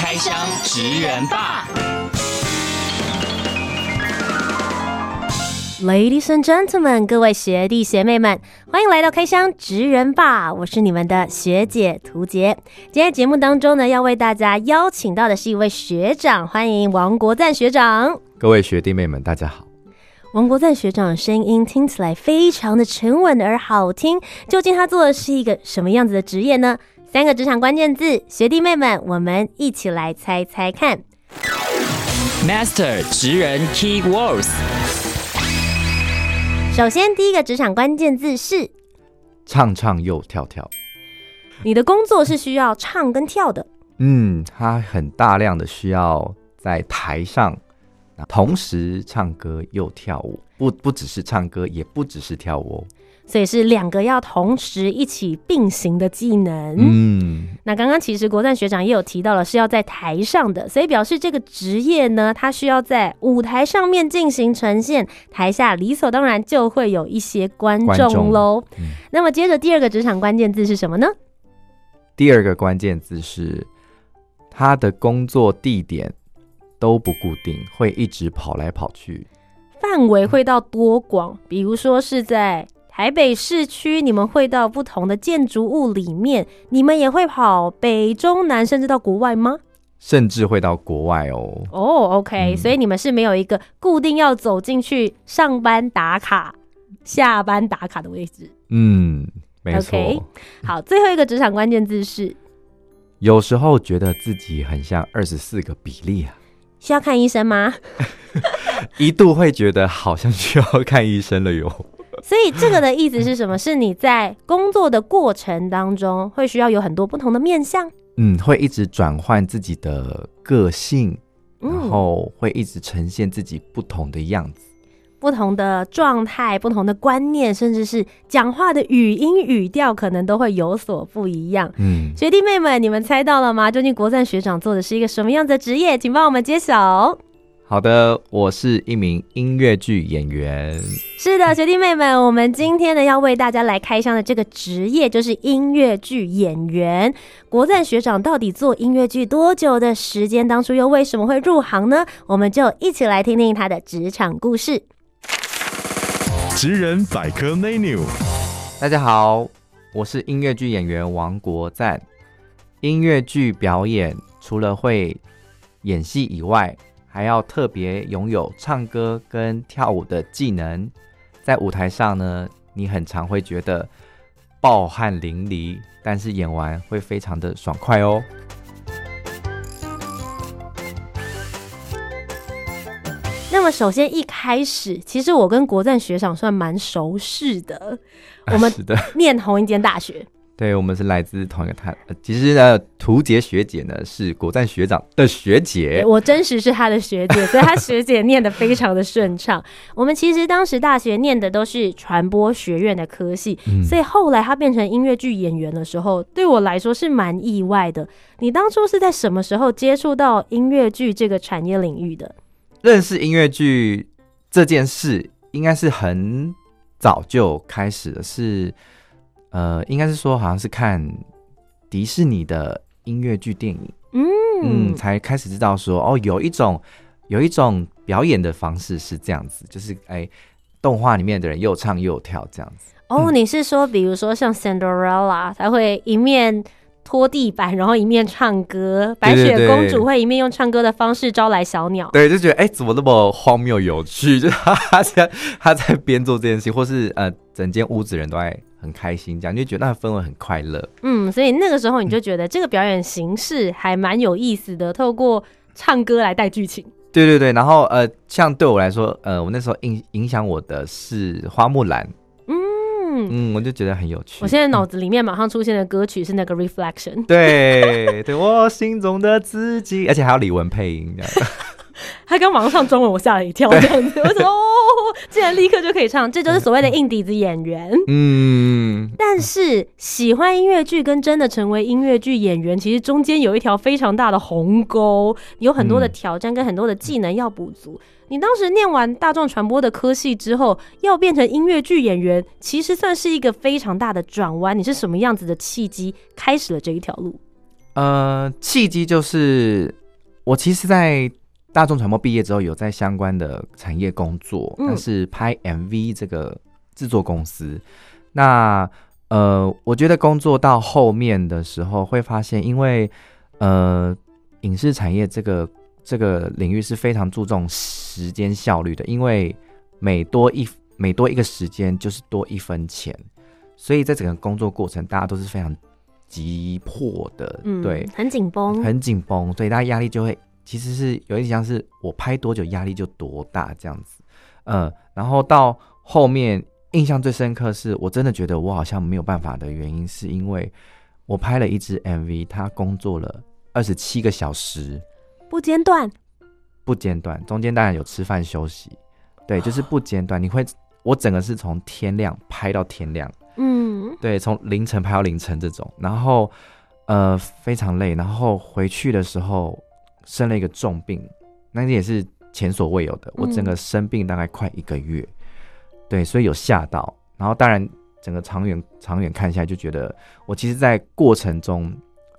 開箱職人吧，Ladies and gentlemen，各位學弟學妹們，歡迎來到開箱職人吧，我是你們的學姐屠潔。今天節目當中呢，要為大家邀請到的是一位學長，歡迎王國贊學長。各位學弟妹們，大家好。王國贊學長的聲音聽起來非常的沉穩而好聽，究竟他做的是一個什麼樣子的職業呢？三個職場關鍵字，學弟妹們，我們一起來猜猜看。Master 職人 Key Words。首先，第一個職場關鍵字是唱唱又跳跳。你的工作是需要唱跟跳的。嗯，他很大量的需要在台上同時唱歌又跳舞，不不只是唱歌，也不只是跳舞。所以是兩個要同時一起並行的技能。嗯，那剛剛其實國讚學長也有提到了，是要在台上的，所以表示這個職業呢，它需要在舞台上面進行呈現，台下理所當然就會有一些觀眾嘍。嗯、那麼接着第二個職場關鍵字是什麼呢？第二個關鍵字是，他的工作地點都不固定，會一直跑來跑去，範圍會到多廣？嗯、比如說是在。台北市區，你們會到不同的建築物裡面，你們也會跑北中南，甚至到國外嗎？甚至會到國外哦。哦，oh，OK，嗯，所以你們是沒有一個固定要走進去上班打卡，下班打卡的位置。嗯，沒錯，okay。好，最後一個職場關鍵字是， 有時候覺得自己很像二十四個比例啊，需要看醫生嗎？ 一度會覺得好像需要看醫生了喲。所以這個的意思是什麼？嗯、是你在工作的過程當中，會需要有很多不同的面向。嗯，會一直轉換自己的個性，嗯、然後會一直呈現自己不同的樣子、不同的狀態、不同的觀念，甚至是講話的語音語調，可能都會有所不一樣。嗯，學弟妹們，你們猜到了嗎？究竟國贊學長做的是一個什麼樣的職業？請幫我們揭曉。好的，我是一名音樂劇演員。是的，學弟妹們，我們今天呢要為大家來開箱的這個職業就是音樂劇演員。國贊學長到底做音樂劇多久的時間？當初又為什麼會入行呢？我們就一起來聽聽他的職場故事。職人百科 menu，大家好，我是音樂劇演員王國贊。音樂劇表演除了會演戲以外，還要特別擁有唱歌跟跳舞的技能，在舞台上呢，你很常會覺得暴汗淋漓，但是演完會非常的爽快哦。那麼，首先一開始，其實我跟國讚學長算蠻熟悉的，我們唸同一間大學。 對，我們是來自同一個台。其實呢，屠潔學姐呢是國讚學長的學姐，我真實是她的學姐，所以她學姐念得非常的順暢。 我們其實當時大學念的都是傳播學院的科系，所以後來她變成音樂劇演員的時候，對我來說是蠻意外的。你當初是在什麼時候接觸到音樂劇這個產業領域的？認識音樂劇這件事，應該是很早就開始了，是。呃，應該是說，好像是看迪士尼的音樂劇電影，嗯嗯，才開始知道說，哦，有一種，有一種表演的方式是這樣子，就是哎、欸，動畫裡面的人又唱又跳這樣子。哦，嗯、你是說，比如說像《Cinderella》，他會一面拖地板，然後一面唱歌；白雪公主會一面用唱歌的方式招來小鳥。對，對，對，對，就覺得哎、欸，怎麼那麼荒謬有趣？就他他他在邊做這件事，或是呃，整間屋子人都在。很開心，這樣你就覺得那個氛圍很快樂。嗯，所以那個時候你就覺得這個表演形式還蠻有意思的，嗯、透過唱歌來帶劇情。對對對，然後呃，像對我來說，呃，我那時候影影響我的是《花木蘭》嗯。嗯嗯，我就覺得很有趣。我現在腦子裡面馬上出現的歌曲是那個《Reflection》。嗯。對對，我心中的自己， 而且還有李玟配音這樣，這 他剛馬上唱中文，我嚇了一跳，這樣子， 我說哦，竟然立刻就可以唱，這就是所謂的硬底子演員。嗯，但是喜歡音樂劇跟真的成為音樂劇演員，其實中間有一條非常大的鴻溝，有很多的挑戰跟很多的技能要補足。嗯、你當時唸完大眾傳播的科系之後，要變成音樂劇演員，其實算是一個非常大的轉彎。你是什麼樣子的契機開始了這一條路？呃，契機就是我其實在。大眾傳播畢業之後有在相關的產業工作，嗯、但是拍 MV 這個制作公司，那呃，我覺得工作到後面的時候會發現，因為呃，影視產業這個這個領域是非常注重時間效率的，因為每多一每多一個時間就是多一分錢，所以在整個工作過程，大家都是非常急迫的，嗯、對，很緊繃，很緊繃，所以大家壓力就會。其實是有一點像是我拍多久壓力就多大這樣子，嗯、呃，然後到後面印象最深刻是我真的覺得我好像沒有辦法的原因，是因為我拍了一支 MV，他工作了二十七個小時，不間斷，不間斷，中間當然有吃飯休息，對，就是不間斷，你會，我整個是從天亮拍到天亮，嗯，對，從凌晨拍到凌晨這種，然後呃非常累，然後回去的時候。生了一個重病，那也是前所未有的。我整個生病大概快一個月，嗯、對，所以有嚇到。然後當然，整個長遠長遠看下來，就覺得我其實，在過程中，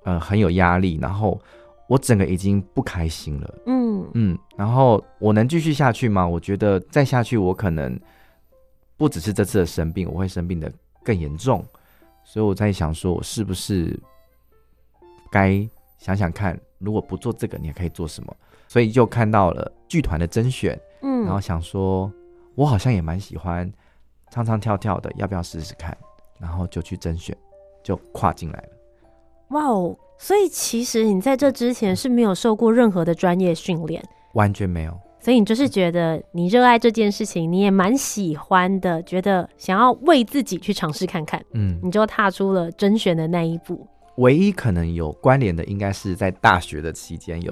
呃，很有壓力。然後我整個已經不開心了，嗯嗯。然後我能繼續下去嗎？我覺得再下去，我可能不只是這次的生病，我會生病得更嚴重。所以我在想，說我是不是該想想看。如果不做這個，你也可以做什麼？所以就看到了劇團的甄選，嗯，然後想說，我好像也蠻喜歡唱唱跳跳的，要不要試試看？然後就去甄選，就跨進來了。哇哦！所以其實你在這之前是沒有受過任何的專業訓練，完全沒有。所以你就是覺得你熱愛這件事情，你也蠻喜歡的，覺得想要為自己去嘗試看看，嗯，你就踏出了甄選的那一步。唯一可能有關聯的，應該是在大學的期間有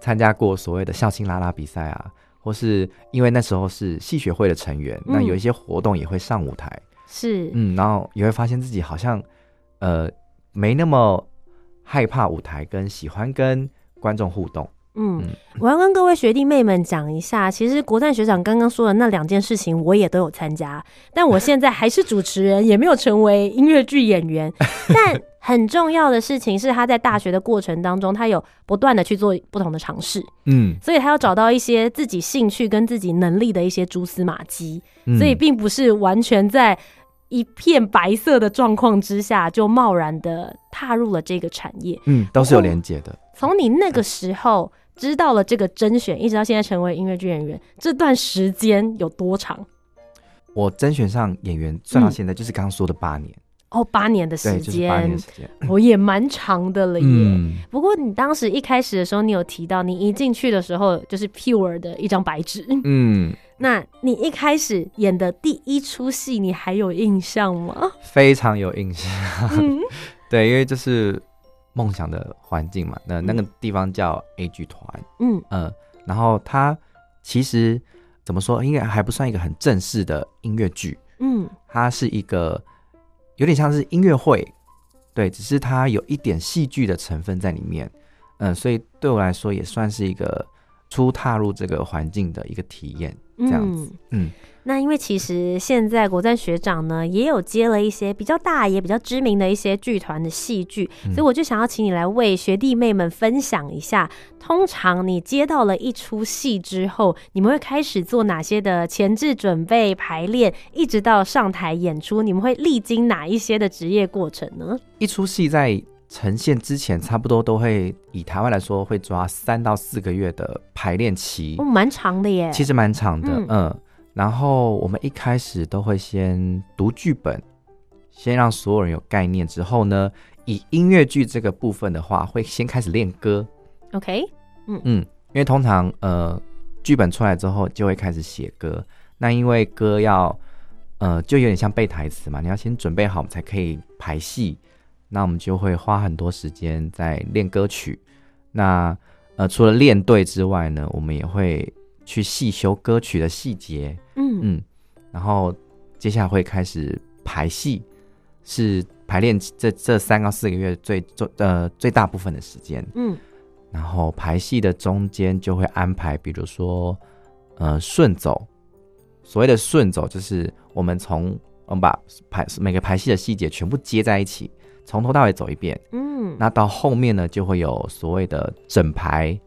參加過所謂的校慶啦啦比賽啊，嗯、或是因為那時候是系學會的成員，嗯、那有一些活動也會上舞台。是，嗯，然後也會發現自己好像呃沒那麼害怕舞台，跟喜歡跟觀眾互動。嗯，嗯，我要跟各位學弟妹們講一下，其實國讚學長剛剛說的那兩件事情，我也都有參加，但我現在還是主持人， 也沒有成為音樂劇演員，但。 很重要的事情是，他在大學的過程當中，他有不斷的去做不同的嘗試，嗯，所以他要找到一些自己興趣跟自己能力的一些蛛絲馬跡，嗯，所以並不是完全在一片白色的狀況之下就貿然的踏入了這個產業，嗯，都是有連接的。從你那個時候知道了這個甄選，嗯，一直到現在成為音樂劇演員，這段時間有多長？我甄選上演員，算到現在就是剛剛說的八年。嗯哦，八年的時間，就是、八年的時間，我也蠻長的了耶。嗯、不過你當時一開始的時候，你有提到你一進去的時候就是 pure 的一張白紙，嗯。那你一開始演的第一齣戲，你還有印象嗎？非常有印象，嗯、 對，因為這是夢想的環境嘛。那那個地方叫 A 劇團，嗯呃，然後他其實怎麼說，應該還不算一個很正式的音樂劇，嗯，它是一個。有點像是音樂會，對，只是它有一點戲劇的成分在裡面，嗯，所以對我來說也算是一個初踏入這個環境的一個體驗，嗯、這樣子，嗯。那因為其實現在國讚學長呢也有接了一些比較大也比較知名的一些劇團的戲劇，嗯、所以我就想要請你來為學弟妹們分享一下，通常你接到了一齣戲之後，你們會開始做哪些的前置準備、排練，一直到上台演出，你們會歷經哪一些的職業過程呢？一齣戲在呈現之前，差不多都會以台灣來說，會抓三到四個月的排練期，哦，蠻長的耶，其實蠻長的，嗯。嗯。然後我們一開始都會先讀劇本，先讓所有人有概念。之後呢，以音樂劇這個部分的話，會先開始練歌。OK，嗯嗯，因為通常呃劇本出來之後，就會開始寫歌。那因為歌要呃就有點像背台詞嘛，你要先準備好我們才可以排戲。那我們就會花很多時間在練歌曲。那呃除了練對之外呢，我們也會去細修歌曲的細節。嗯嗯，然後接下來會開始排戲，是排練這這三到四個月最最呃最大部分的時間。嗯，然後排戲的中間就會安排，比如說呃順走，所謂的順走就是我們從我們把排每個排戲的細節全部接在一起，從頭到尾走一遍。嗯，那到後面呢，就會有所謂的整排。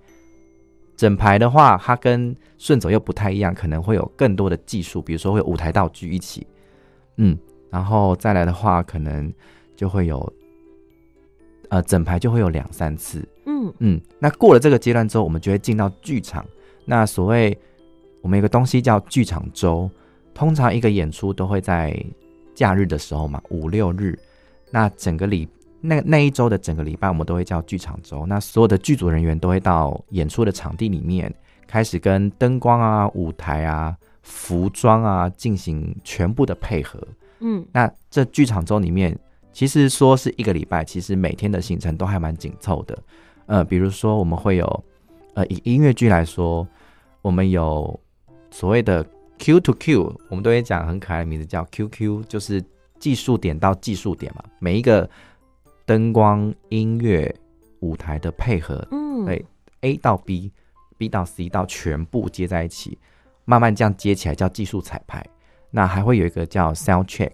整排的話，它跟順走又不太一樣，可能會有更多的技術，比如說會舞台道具一起，嗯，然後再來的話，可能就會有，呃，整排就會有兩三次，嗯嗯，那過了這個階段之後，我們就會進到劇場。那所謂我們有一個東西叫劇場周，通常一個演出都會在假日的時候嘛，五六日，那整個禮拜。那那一周的整個禮拜，我們都會叫劇場周。那所有的劇組人員都會到演出的場地裡面，開始跟燈光啊、舞台啊、服裝啊進行全部的配合。嗯，那這劇場周裡面，其實說是一個禮拜，其實每天的行程都還蠻緊湊的。呃，比如說，我們會有，呃，以音樂劇來說，我們有所謂的 Q to Q，我們都會講很可愛的名字，叫 Q Q，就是技術點到技術點嘛，每一個。燈光、音樂、舞台的配合，嗯，哎，A 到 B，B 到 C 到全部接在一起，慢慢這樣接起來叫技術彩排。那還會有一個叫 Sound Check，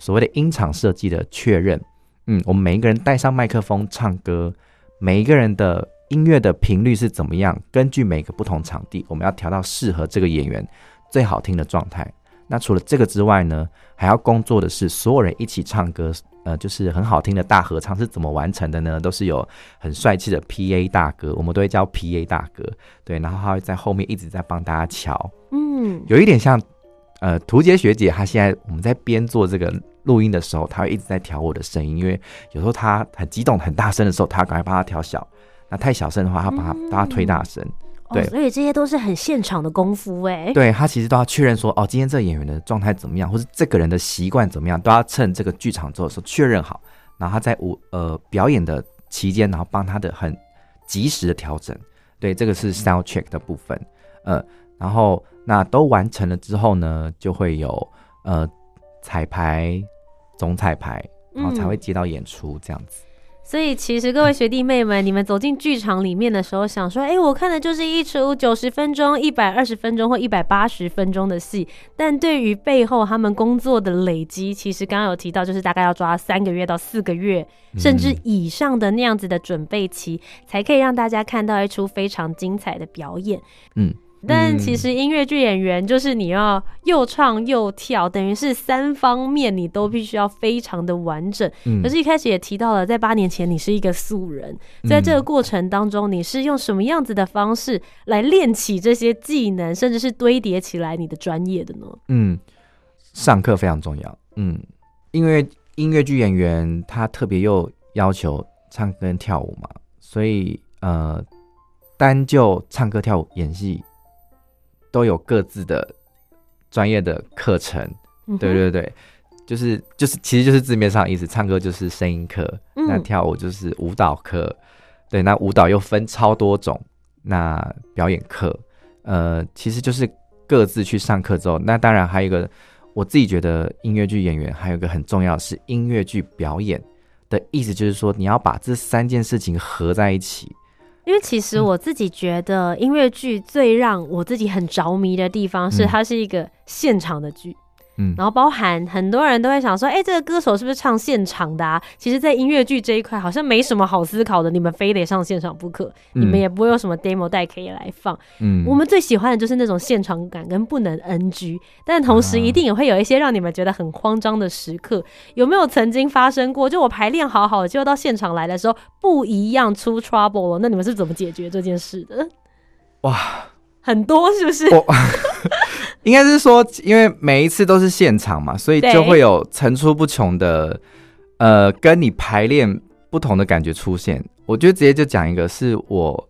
所謂的音場設計的確認。嗯，我們每一個人戴上麥克風唱歌，每一個人的音樂的頻率是怎麼樣？根據每個不同場地，我們要調到適合這個演員最好聽的狀態。那除了這個之外呢，還要工作的是所有人一起唱歌。呃，就是很好聽的大合唱是怎麼完成的呢？都是有很帥氣的 PA 大哥，我們都會叫 PA 大哥，對，然後他會在後面一直在幫大家調。嗯，有一點像呃，屠潔學姐，她現在我們在編做這個錄音的時候，他會一直在調我的聲音，因為有時候他很激動很大聲的時候，他趕快幫他調小，那太小聲的話，他把他把他推大聲。嗯對、哦，所以這些都是很現場的功夫哎。對，他其實都要確認說，哦，今天這個演員的狀態怎麼樣，或是這個人的習慣怎麼樣，都要趁這個劇場做的時候確認好。然後他在舞呃表演的期間，然後幫他的很及時的調整。對，這個是 style check 的部分。呃，然後那都完成了之後呢，就會有呃彩排、總彩排，然後才會接到演出、嗯、這樣子。所以，其實各位學弟妹們，你們走進劇場裡面的時候，想說，哎、欸，我看的就是一出九十分鐘、一百二十分鐘或一百八十分鐘的戲。但對於背後他們工作的累積，其實剛剛有提到，就是大概要抓三個月到四個月、嗯、甚至以上的那樣子的準備期，才可以讓大家看到一出非常精彩的表演。嗯。但其實音樂劇演員就是你要又唱又跳，嗯、等於是三方面你都必須要非常的完整。嗯、可是，一開始也提到了，在八年前你是一個素人，嗯、在這個過程當中，你是用什麼樣子的方式來練起這些技能，甚至是堆疊起來你的專業的呢？嗯，上課非常重要。嗯，因為音樂劇演員他特別又要求唱歌跳舞嘛，所以呃，單就唱歌跳舞演戲。都有各自的專業的課程，嗯、哼對對對，就是就是，其實就是字面上的意思，唱歌就是聲音課，嗯、那跳舞就是舞蹈課，對，那舞蹈又分超多種，那表演課，呃，其實就是各自去上課之後，那當然還有一個，我自己覺得音樂劇演員還有一個很重要是音樂劇表演的意思，就是說你要把這三件事情合在一起。因為其實我自己覺得音樂劇最讓我自己很着迷的地方是，它是一個現場的劇。嗯。然後包含很多人都會想說，哎，這個歌手是不是唱現場的、啊？其實，在音樂劇這一塊，好像沒什麼好思考的。你們非得上現場不可，嗯、你們也不會有什麼 demo 帶可以來放。嗯，我們最喜歡的就是那種現場感跟不能 NG，但同時一定也會有一些讓你們覺得很慌張的時刻。啊、有沒有曾經發生過？就我排練好好的，就要到現場來的時候，不一樣出 trouble 了。那你們是怎麼解決這件事的？哇！很多是不是？我應該是說，因為每一次都是現場嘛，所以就會有層出不窮的對呃，跟你排練不同的感覺出現。我覺得直接就講一個，是我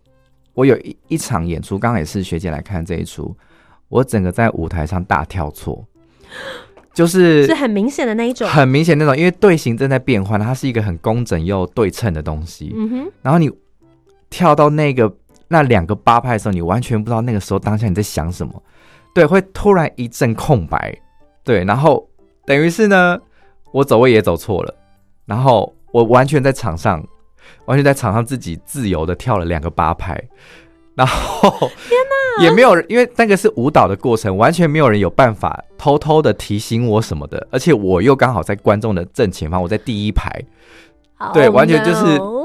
我有一一場演出，剛剛也是學姐來看這一出，我整個在舞台上大跳錯，就是很是很明顯的那一種，很明顯那種，因為隊形正在變換，它是一個很工整又對稱的東西，嗯、哼然後你跳到那個。那兩個八拍的時候，你完全不知道那個時候當下你在想什麼，對，會突然一陣空白，對，然後等於是呢，我走位也走錯了，然後我完全在場上，完全在場上自己自由的跳了兩個八拍，然後天哪，也沒有人，因為那個是舞蹈的過程，完全沒有人有辦法偷偷的提醒我什麼的，而且我又剛好在觀眾的正前方，我在第一排，oh、對，完全就是。No.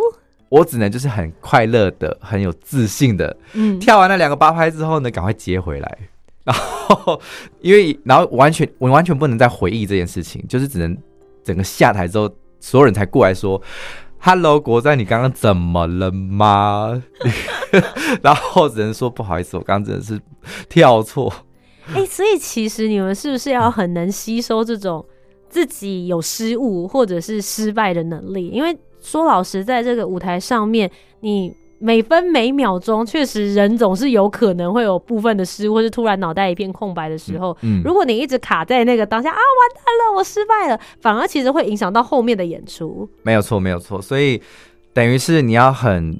我只能就是很快樂的、很有自信的、嗯、跳完了兩個八拍之後呢，趕快接回來。然後，因為然後完全我完全不能再回憶這件事情，就是只能整個下台之後，所有人才過來說：“Hello，國讚你剛剛怎麼了嗎？” 然後只能說不好意思，我剛剛真的是跳錯。哎、欸，所以其實你們是不是要很能吸收這種自己有失誤或者是失敗的能力？因為。說老實，在這個舞台上面，你每分每秒鐘，確實人總是有可能會有部分的失誤，或是突然腦袋一片空白的時候。嗯，嗯，如果你一直卡在那個當下，啊，完蛋了，我失敗了，反而其實會影響到後面的演出。沒有錯，沒有錯。所以等於是你要很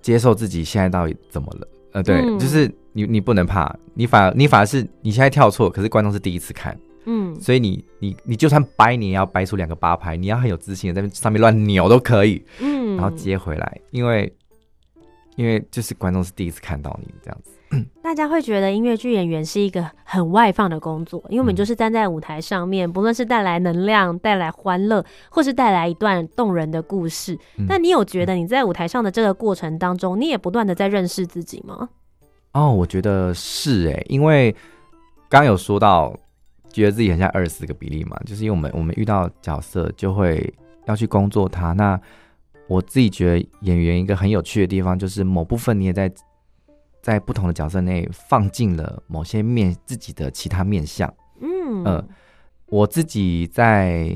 接受自己現在到底怎麼了。呃，對，嗯，就是你你不能怕，你反你反而是你現在跳錯，可是觀眾是第一次看。嗯，所以你你你就算掰，你也要掰出兩個八拍，你要很有自信的在上面亂扭都可以。嗯，然後接回來，因為因為就是觀眾是第一次看到你這樣子。大家會覺得音樂劇演員是一個很外放的工作，因為我們就是站在舞台上面，嗯、不論是帶來能量、帶來歡樂，或是帶來一段動人的故事。嗯、但你有覺得你在舞台上的這個過程當中，你也不斷的在認識自己嗎？哦，我覺得是哎，因為剛剛有說到。覺得自己很像二十個比例嘛，就是因為我們我們遇到角色就會要去工作他。那我自己覺得演員一個很有趣的地方，就是某部分你也在在不同的角色內放進了某些面自己的其他面向。嗯，呃，我自己在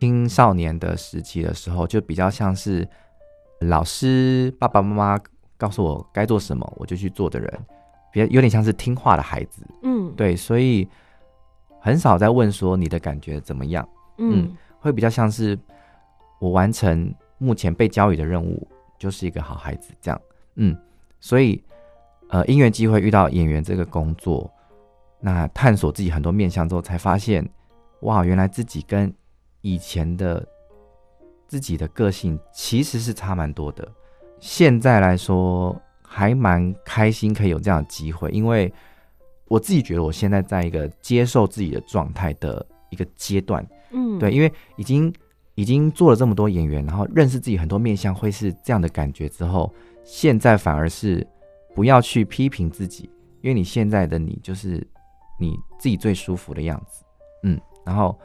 青少年的時期的時候，就比較像是老師爸爸媽媽告訴我該做什麼我就去做的人，比較有點像是聽話的孩子。嗯，對，所以。很少在問說，你的感覺怎麼樣，嗯，嗯，會比較像是我完成目前被教育的任務，就是一個好孩子這樣，嗯，所以呃，因緣機會遇到演員這個工作，那探索自己很多面向之後，才發現哇，原來自己跟以前的自己的個性其實是差蠻多的。現在來說還蠻開心可以有這樣的機會，因為。我自己覺得，我現在在一個接受自己的狀態的一個階段，嗯，對，因為已經已經做了這麼多演員，然後認識自己很多面相，會是這樣的感覺。之後，現在反而是不要去批評自己，因為你現在的你就是你自己最舒服的樣子，嗯，然後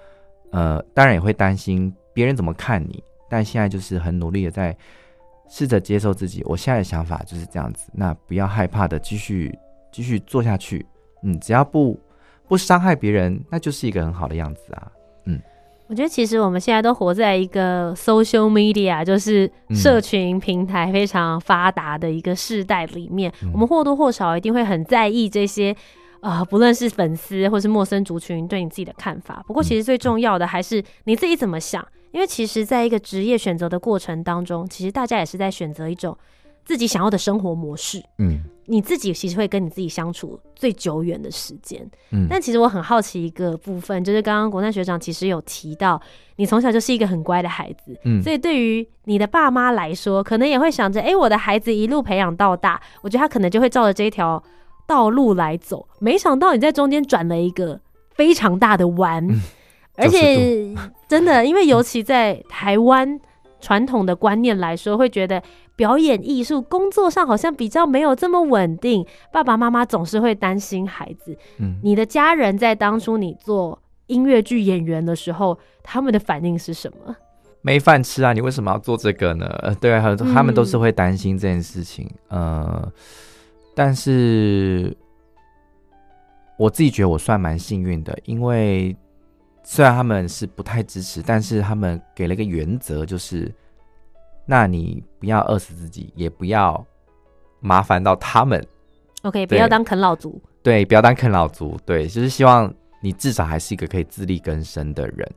呃，當然也會擔心別人怎麼看你，但現在就是很努力的在試着接受自己。我現在的想法就是這樣子，那不要害怕的繼續繼續做下去。嗯，只要不不傷害別人，那就是一個很好的樣子啊。嗯，我覺得其實我們現在都活在一個 social media，就是社群平台非常發達的一個世代裡面，嗯、我們或多或少一定會很在意這些，啊、嗯呃，不論是粉絲或是陌生族群對你自己的看法。不過，其實最重要的還是你自己怎麼想，嗯、因為其實在一個職業選擇的過程當中，其實大家也是在選擇一種。自己想要的生活模式，嗯，你自己其實會跟你自己相處最久遠的時間，嗯。但其實我很好奇一個部分，就是剛剛國讚學長其實有提到，你從小就是一個很乖的孩子，嗯，所以對於你的爸媽來說，可能也會想着，哎、欸，我的孩子一路培養到大，我覺得他可能就會照着這一條道路來走。沒想到你在中間轉了一個非常大的彎，嗯、而且是真的，因為尤其在台灣傳統的觀念來說，嗯、會覺得。表演藝術工作上好像比較沒有這麼穩定，爸爸媽媽總是會擔心孩子。嗯，你的家人在當初你做音樂劇演員的時候，他們的反應是什麼？沒飯吃啊！你為什麼要做這個呢？對啊，他們都是會擔心這件事情。嗯、呃，但是我自己覺得我算蠻幸運的，因為雖然他們是不太支持，但是他們給了一個原則，就是。那你不要餓死自己，也不要麻煩到他們。OK，對不要當啃老族。對，不要當啃老族。對，就是希望你至少還是一個可以自力更生的人。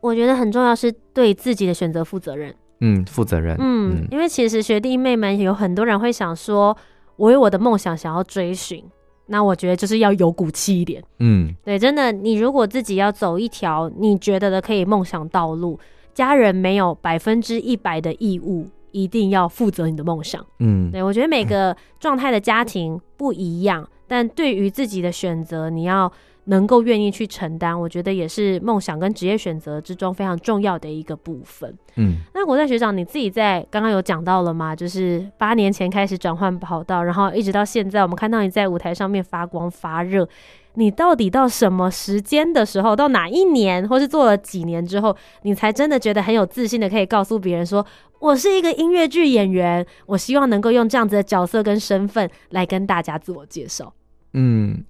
我覺得很重要，是對自己的選擇負責任。嗯，負責任。嗯，因為其實學弟妹們有很多人會想說，嗯、我有我的夢想，想要追尋。那我覺得就是要有骨氣一點。嗯，對，真的，你如果自己要走一條你覺得的可以夢想道路。家人沒有百分之一百的義務，一定要負責你的夢想。嗯，對我覺得每個狀態的家庭不一樣，嗯，但對於自己的選擇，你要能夠願意去承擔，我覺得也是夢想跟職業選擇之中非常重要的一個部分。嗯，那國讚學長，你自己在剛剛有講到了嗎？就是八年前開始轉換跑道，然後一直到現在，我們看到你在舞台上面發光發熱。你到底到什麼時間的時候，到哪一年，或是做了幾年之後，你才真的覺得很有自信的可以告訴別人說，我是一個音樂劇演員，我希望能夠用這樣子的角色跟身份來跟大家自我介紹。嗯，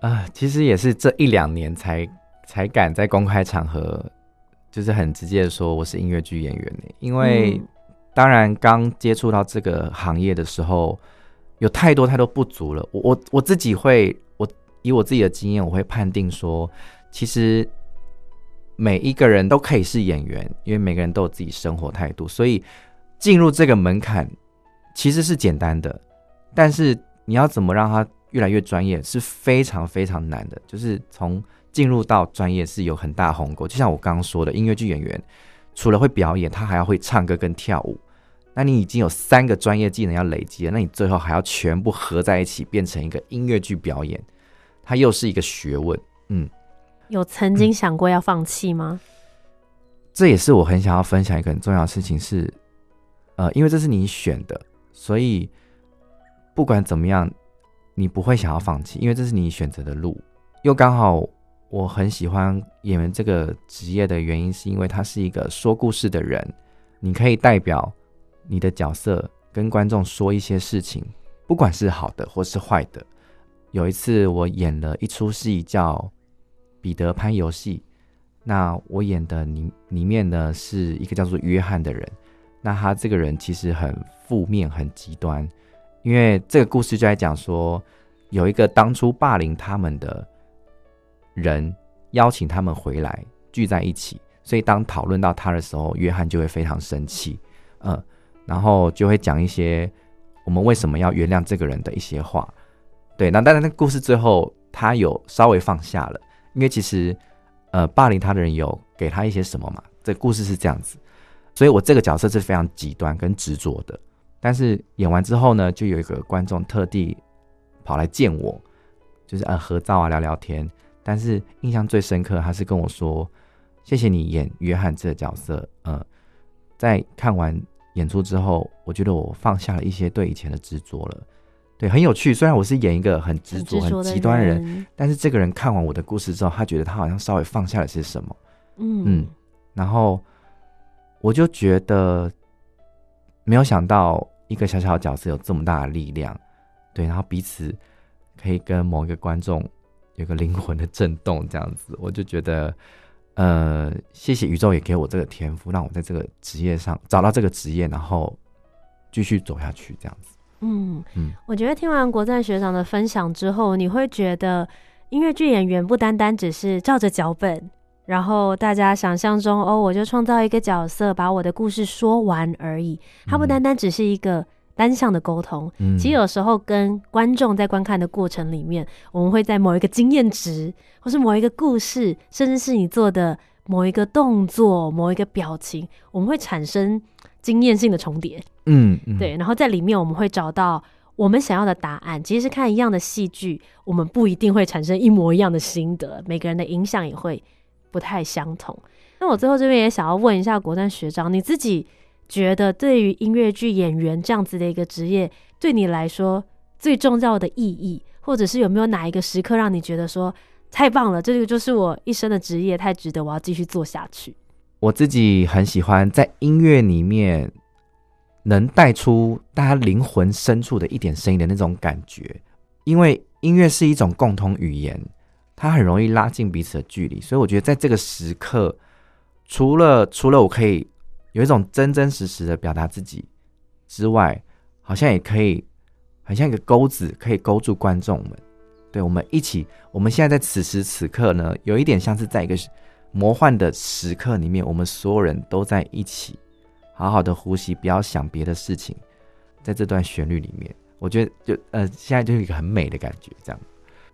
啊、呃，其實也是這一兩年才才敢在公開場合，就是很直接的說我是音樂劇演員，欸，因為當然剛接觸到這個行業的時候，有太多太多不足了，我我自己會。以我自己的經驗，我會判定說，其實每一個人都可以是演員，因為每個人都有自己生活態度，所以進入這個門檻其實是簡單的。但是你要怎麼讓他越來越專業，是非常非常難的。就是從進入到專業是有很大鴻溝，就像我剛剛說的，音樂劇演員除了會表演，他還要會唱歌跟跳舞。那你已經有三個專業技能要累積了，那你最後還要全部合在一起，變成一個音樂劇表演。它又是一個學問，嗯，有曾經想過要放棄嗎？嗯，這也是我很想要分享一個很重要的事情是，是呃，因為這是你選的，所以不管怎麼樣，你不會想要放棄，因為這是你選擇的路。又剛好我很喜歡演員這個職業的原因，是因為他是一個說故事的人，你可以代表你的角色跟觀眾說一些事情，不管是好的或是壞的。有一次，我演了一出戲叫《彼得潘遊戲》，那我演的裡裡面呢是一個叫做約翰的人，那他這個人其實很負面、很極端，因為這個故事就在講說，有一個當初霸凌他們的人邀請他們回來聚在一起，所以當討論到他的時候，約翰就會非常生氣，嗯，然後就會講一些我們為什麼要原諒這個人的一些話。對，那當然，那個故事最後他有稍微放下了，因為其實，呃，霸凌他的人有給他一些什麼嘛？這個故事是這樣子，所以我這個角色是非常極端跟執着的。但是演完之後呢，就有一個觀眾特地跑來見我，就是呃合照啊、聊聊天。但是印象最深刻，他是跟我說：“謝謝你演約翰這個角色。”呃、嗯，在看完演出之後，我覺得我放下了一些對以前的執着了。對，很有趣。雖然我是演一個很執着、很極端的人，嗯、但是這個人看完我的故事之後，他覺得他好像稍微放下了些什麼。嗯，嗯，然後我就覺得沒有想到一個小小的角色有這麼大的力量。對，然後彼此可以跟某一個觀眾有個靈魂的震動，這樣子，我就覺得呃，謝謝宇宙也給我這個天賦，讓我在這個職業上找到這個職業，然後繼續走下去，這樣子。嗯，嗯，我覺得聽完國讚學長的分享之後，你會覺得音樂劇演員不單單只是照着腳本，然後大家想象中哦，我就創造一個角色，把我的故事說完而已。它不單單只是一個單向的溝通，嗯、其實有時候跟觀眾在觀看的過程裡面，嗯、我們會在某一個經驗值，或是某一個故事，甚至是你做的某一個動作、某一個表情，我們會產生。經驗性的重疊、嗯，嗯，對，然後在裡面我們會找到我們想要的答案。其實看一樣的戲劇，我們不一定會產生一模一樣的心得，每個人的影響也會不太相同。那我最後這邊也想要問一下國讚學長，你自己覺得對於音樂劇演員這樣子的一個職業，對你來說最重要的意義，或者是有沒有哪一個時刻讓你覺得說太棒了，這個就是我一生的職業，太值得，我要繼續做下去？我自己很喜歡在音樂裡面，能帶出大家靈魂深處的一點聲音的那種感覺，因為音樂是一種共同語言，它很容易拉近彼此的距離。所以我覺得在這個時刻，除了除了我可以有一種真真實實的表達自己之外，好像也可以很像一個鈎子，可以勾住觀眾們。對，我們一起，我們現在在此時此刻呢，有一點像是在一個。魔幻的時刻裡面，我們所有人都在一起，好好的呼吸，不要想別的事情。在這段旋律裡面，我覺得就呃，現在就是一個很美的感覺，這樣。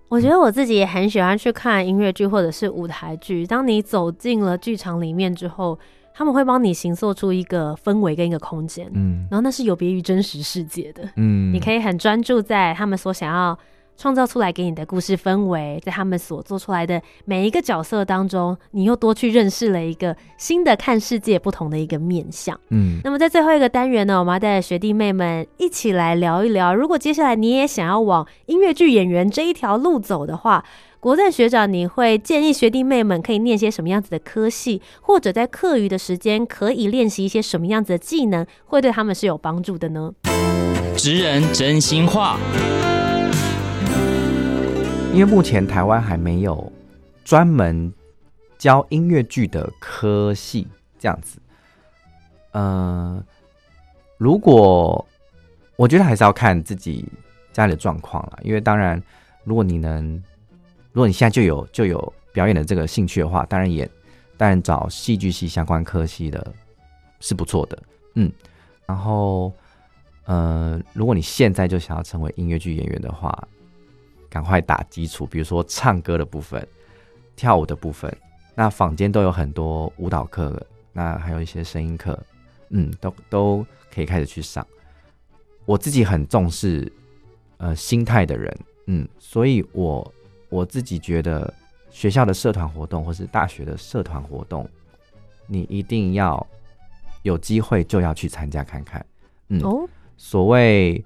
我覺得我自己也很喜歡去看音樂劇或者是舞台劇。當你走進了劇場裡面之後，他們會幫你形塑出一個氛圍跟一個空間，嗯，然後那是有別於真實世界的，嗯，你可以很專注在他們所想要。創造出來給你的故事氛圍，在他們所做出來的每一個角色當中，你又多去認識了一個新的看世界不同的一個面向。嗯，那麼在最後一個單元呢，我們要帶著學弟妹們一起來聊一聊，如果接下來你也想要往音樂劇演員這一條路走的話，國讚學長，你會建議學弟妹們可以念些什麼樣子的科系，或者在課餘的時間可以練習一些什麼樣子的技能，會對他們是有幫助的呢？職人真心話。因為目前台灣還沒有專門教音樂劇的科系，這樣子。呃，如果我覺得還是要看自己家裡的狀況啦。因為當然，如果你能，如果你現在就有就有表演的這個興趣的話，當然也，當然找戲劇系相關科系的是不錯的。嗯，然後，呃，如果你現在就想要成為音樂劇演員的話，趕快打基礎，比如說唱歌的部分、跳舞的部分，那坊間都有很多舞蹈課了，那還有一些聲音課，嗯，都都可以開始去上。我自己很重視，呃，心態的人，嗯，所以我我自己覺得學校的社團活動或是大學的社團活動，你一定要有機會就要去參加看看，嗯，哦、所謂。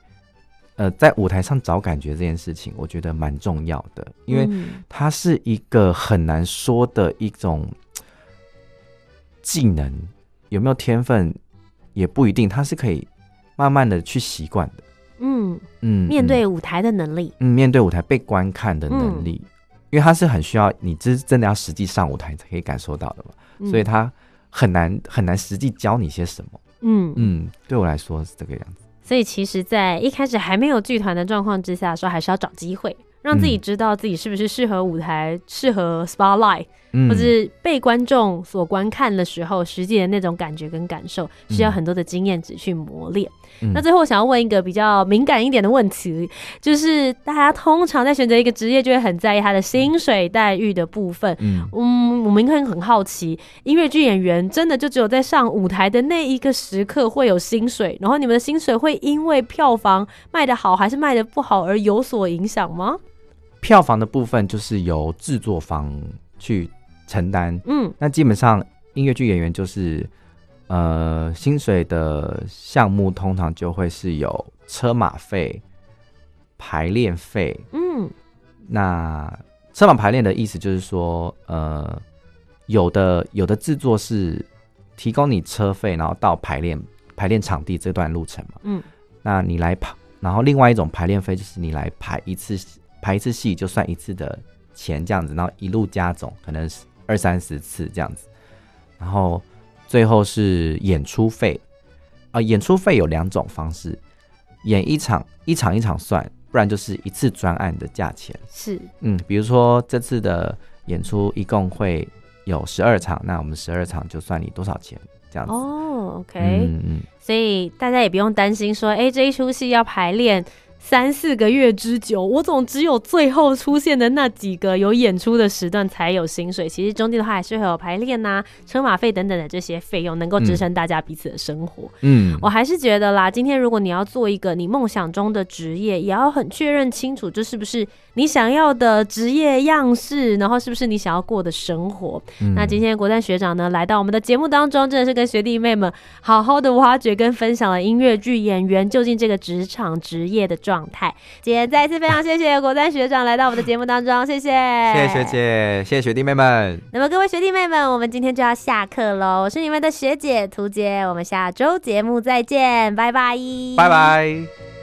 呃，在舞台上找感覺這件事情，我覺得蠻重要的，因為它是一個很難說的一種技能，有沒有天分也不一定，它是可以慢慢的去習慣的。嗯嗯，嗯，面對舞台的能力，嗯，面對舞台被觀看的能力，嗯，因為它是很需要你，真真的要實際上舞台才可以感受到的嘛，所以它很難很難實際教你些什麼。嗯嗯，對我來說是這個樣子。所以，其實，在一開始還沒有劇團的狀況之下，說還是要找機會，讓自己知道自己是不是適合舞台，嗯、適合 spotlight。或是被觀眾所觀看的時候，實際的那種感覺跟感受，需要很多的經驗值去磨練。嗯、那最後，想要問一個比較敏感一點的問題，嗯、就是大家通常在選擇一個職業，就會很在意他的薪水待遇的部分。嗯，嗯，我們應該很好奇，音樂劇演員真的就只有在上舞台的那一個時刻會有薪水，然後你們的薪水會因為票房賣得好還是賣得不好而有所影響嗎？票房的部分就是由製作方去。承擔，嗯，那基本上音樂劇演員就是，呃，薪水的項目通常就會是有車馬費、排練費，嗯，那車馬排練的意思就是說，呃，有的有的制作是提供你車費，然後到排練排練場地這段路程嘛，嗯，那你來排，然後另外一種排練費就是你來排一次排一次戲就算一次的錢這樣子，然後一路加總，可能是。二三十次這樣子，然後最後是演出費，啊、呃，演出費有兩種方式，演一場一場一場算，不然就是一次專案的價錢。是，嗯，比如說這次的演出一共會有十二場，那我們十二場就算你多少錢這樣子。哦、oh，OK，嗯，所以大家也不用擔心說，哎、欸，這一齣戲要排練，三四個月之久，我總只有最後出現的那幾個有演出的時段才有薪水。其實中間的話還是會有排練吶、啊、車馬費等等的這些費用，能夠支撐大家彼此的生活。嗯，我還是覺得啦，今天如果你要做一個你夢想中的職業，也要很確認清楚這是不是你想要的職業樣式，然後是不是你想要過的生活。嗯、那今天國讚學長呢，來到我們的節目當中，真的是跟學弟妹們好好的挖掘跟分享了音樂劇演員究竟這個職場職業的狀。狀態，今天再一次非常謝謝國讚學長來到我們的節目當中，謝謝，謝謝學姐，謝謝學弟妹們。那麼各位學弟妹們，我們今天就要下課嘍，我是你們的學姐屠姐，我們下周節目再見，拜拜，拜拜。